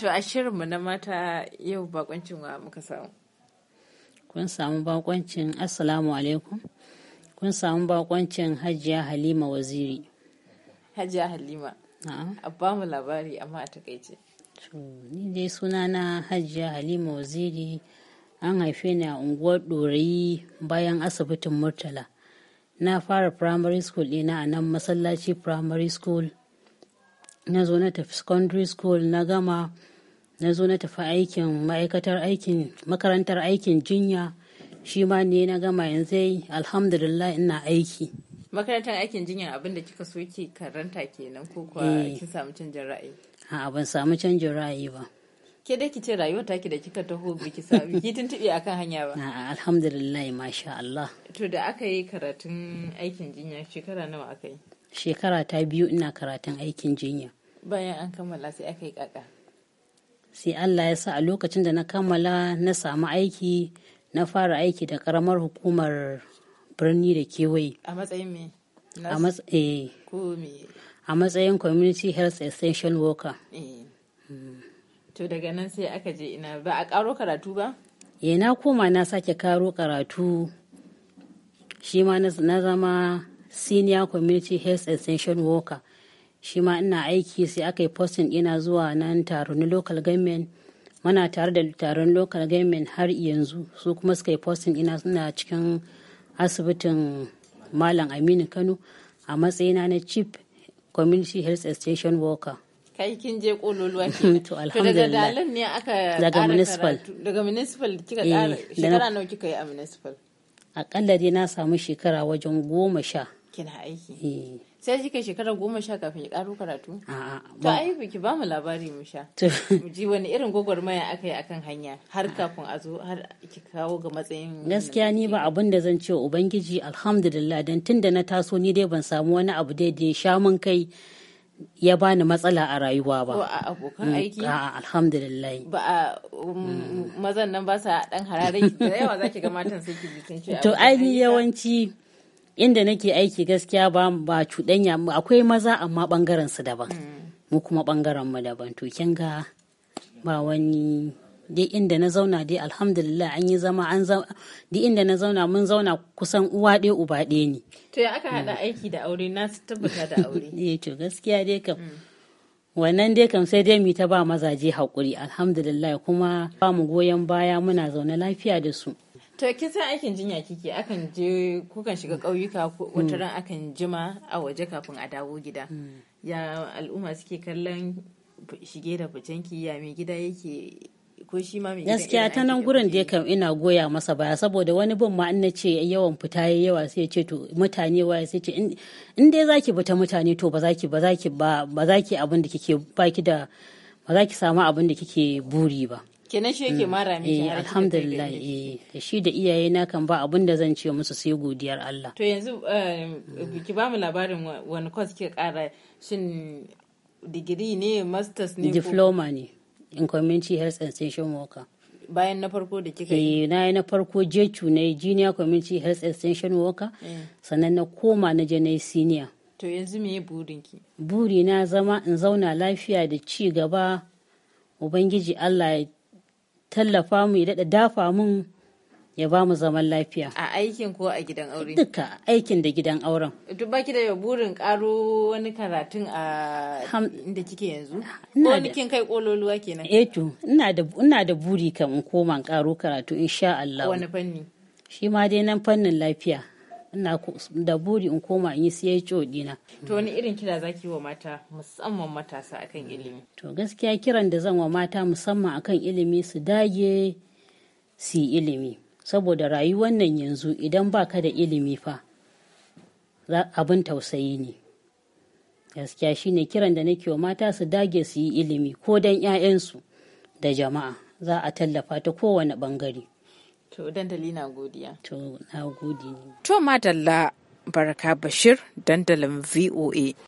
To a shirinmu na mata yau bakoncin wa muka samu. Kun samu bakoncin Assalamu alaikum. Kun samu bakoncin Hajiya Halima Waziri. Hajiya Halima. A ba mu labari amma a takaice. Ni dai sunana Hajiya Halima Waziri an haife ni a unguwar Ɗorayi bayan asibitin Murtala. Na fara primary school ɗina a nan masallaci primary school. Na zo na tafi secondary school na gama na zo na tafi aikin ma'aikatar aikin makarantar aikin jinya shi ma ne na gama yanzu alhamdulillah ina aiki makarantar aikin jinya abinda kika so ki karanta kenan ko kuwa eh. ki samu canjin ra'ayi a ban samu canjin ra'ayi ba ke dai ki ce rayuwar ki da kika taho ba ki samu ki tuntube akan hanya ba a alhamdulillah masha Allah to da aka yi karatun aikin jinya shekara nawa aka yi shekara ta biyu ina karatun aikin jinya bayan an kammala sai aka yi kaka sai Allah ya sa a lokacin da na kammala na samu aiki na fara aiki da karamar hukumar birni da kewaye. A matsayin me? A eh. matsayin community health essential worker. Eh. Mm. To daga nan sai aka je ina ba a karo karatu ba? Eh na koma na sake karo karatu shi ma na zama senior community health essential worker shi ma ina aiki sai aka yi postin ina zuwa nan taron local government muna tare da taron local government har yanzu su kuma suka yi postin ina suna cikin asibitin malam aminu kano a matsayina na chief community health station worker kai kin je kololuwa ke to daga dalan ne aka daga municipal daga municipal kika kara eh, shekara nawa kika yi a municipal akalla dai na samu shekara wajen goma sha kina aiki eh. sai shi kai shekarar goma sha kafin ya karo karatu to ai biki ba mu labari mu sha mu ji wani irin gwagwarmaya aka yi akan hanya har kafin a zo har ki kawo ga matsayin gaskiya ni ba abin da zan ce ubangiji alhamdulillah dan tunda na taso ni dai ban samu wani abu da ya sha mun kai ya bani matsala a rayuwa ba. Ko a abokan mm, aiki? A alhamdulillah. Ba a um, mm. mazan nan ba sa dan hararai da yawa zaki ga matan sai ki bi sun ce. To ai yawanci inda nake aiki gaskiya ba ba cuɗanya akwai maza amma ɓangaren su daban mm. mu kuma ɓangaren mu daban to kin ga ba wani dai inda na zauna dai alhamdulillah an yi zama an duk inda na zauna mun zauna kusan uwa ɗaya uba ɗaya ne to ya aka haɗa aiki da aure na tabbata da aure eh to gaskiya dai kam mm. wannan dai kam sai dai mu ta ba mazaje haƙuri alhamdulillah kuma ba mu goyon baya muna zaune lafiya da su To kisan aikin jinya kike akan je kukan shiga kauyuka wata hmm. ran akan jima a waje kafin a dawo gida. Hmm. Ya al'umma suke kallon shige da ficenki ya mai gida yake ko shi ma mai gida. Gaskiya ta nan gurin da kam ina goya masa baya saboda wani bin ma an ce yawan fita yayi yawa sai ce to mutane waye sai ce in dai zaki fita mutane to ba zaki ba zaki ba ba zaki abin da kike baki da ba za samu abin da kike buri ba. kenan shi yake mm. mara miki eh alhamdulillah eh shi da iyaye na kan ba abin da zan ce musu sai godiyar Allah to yanzu um, mm. ki ba mu labarin wani course kike kara shin digiri ne masters ne diploma ne in community health and extension worker bayan na farko da kika yi eh, na yi na farko jecu na yi junior community health extension worker mm. sannan na koma na je na yi senior to yanzu me burinki buri na zama in zauna lafiya da ci gaba ubangiji Allah ya tallafa mu ya daɗa dafa mun ya ba mu zaman lafiya. A aikin ko a gidan aure? Duka aikin da gidan auren. Duk baki da burin karo wani karatun a inda kike yanzu? Ko wani kin kai kololuwa kenan? Eh to, ina da ina da buri kan koma karo karatu insha Allah. Wani fanni? Shi ma dai nan fannin lafiya. ina da buri in koma in yi CHO dina. To wani irin kira zaki wa mata musamman matasa akan ilimi? To gaskiya kiran da zan wa mata musamman akan ilimi su dage su ilimi. Saboda rayuwar nan yanzu idan baka da ilimi fa abin tausayi ne. Gaskiya shi ne kiran da nake wa mata su dage su yi ilimi ko don 'ya'yansu da jama'a za a tallafa ta kowane bangare. To dandali na godiya. To na gode. To madalla Baraka Bashir dandalin VOA.